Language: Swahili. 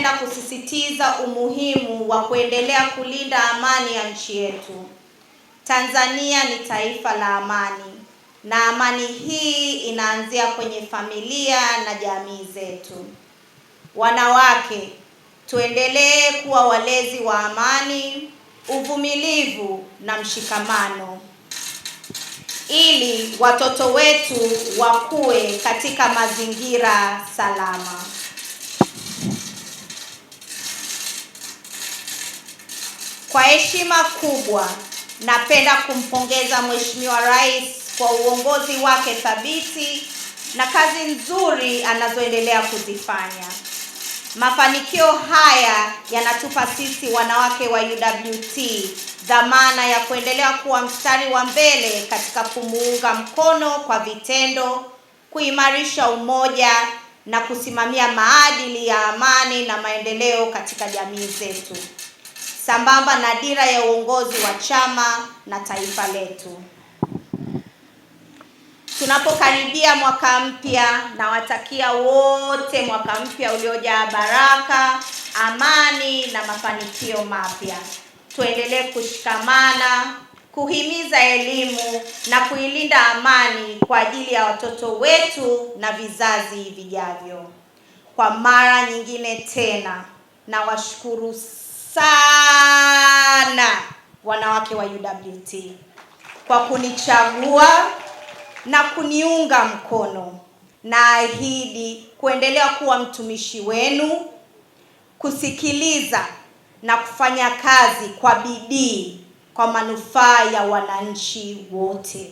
napenda kusisitiza umuhimu wa kuendelea kulinda amani ya nchi yetu. Tanzania ni taifa la amani na amani hii inaanzia kwenye familia na jamii zetu. Wanawake, tuendelee kuwa walezi wa amani, uvumilivu na mshikamano ili watoto wetu wakue katika mazingira salama. Kwa heshima kubwa napenda kumpongeza Mheshimiwa Rais kwa uongozi wake thabiti na kazi nzuri anazoendelea kuzifanya. Mafanikio haya yanatupa sisi wanawake wa UWT dhamana ya kuendelea kuwa mstari wa mbele katika kumuunga mkono kwa vitendo, kuimarisha umoja na kusimamia maadili ya amani na maendeleo katika jamii zetu sambamba na dira ya uongozi wa chama na taifa letu. Tunapokaribia mwaka mpya, nawatakia wote mwaka mpya uliojaa baraka, amani na mafanikio mapya. Tuendelee kushikamana, kuhimiza elimu na kuilinda amani kwa ajili ya watoto wetu na vizazi vijavyo. Kwa mara nyingine tena, nawashukuru sana wanawake wa UWT kwa kunichagua na kuniunga mkono. Naahidi kuendelea kuwa mtumishi wenu, kusikiliza na kufanya kazi kwa bidii kwa manufaa ya wananchi wote.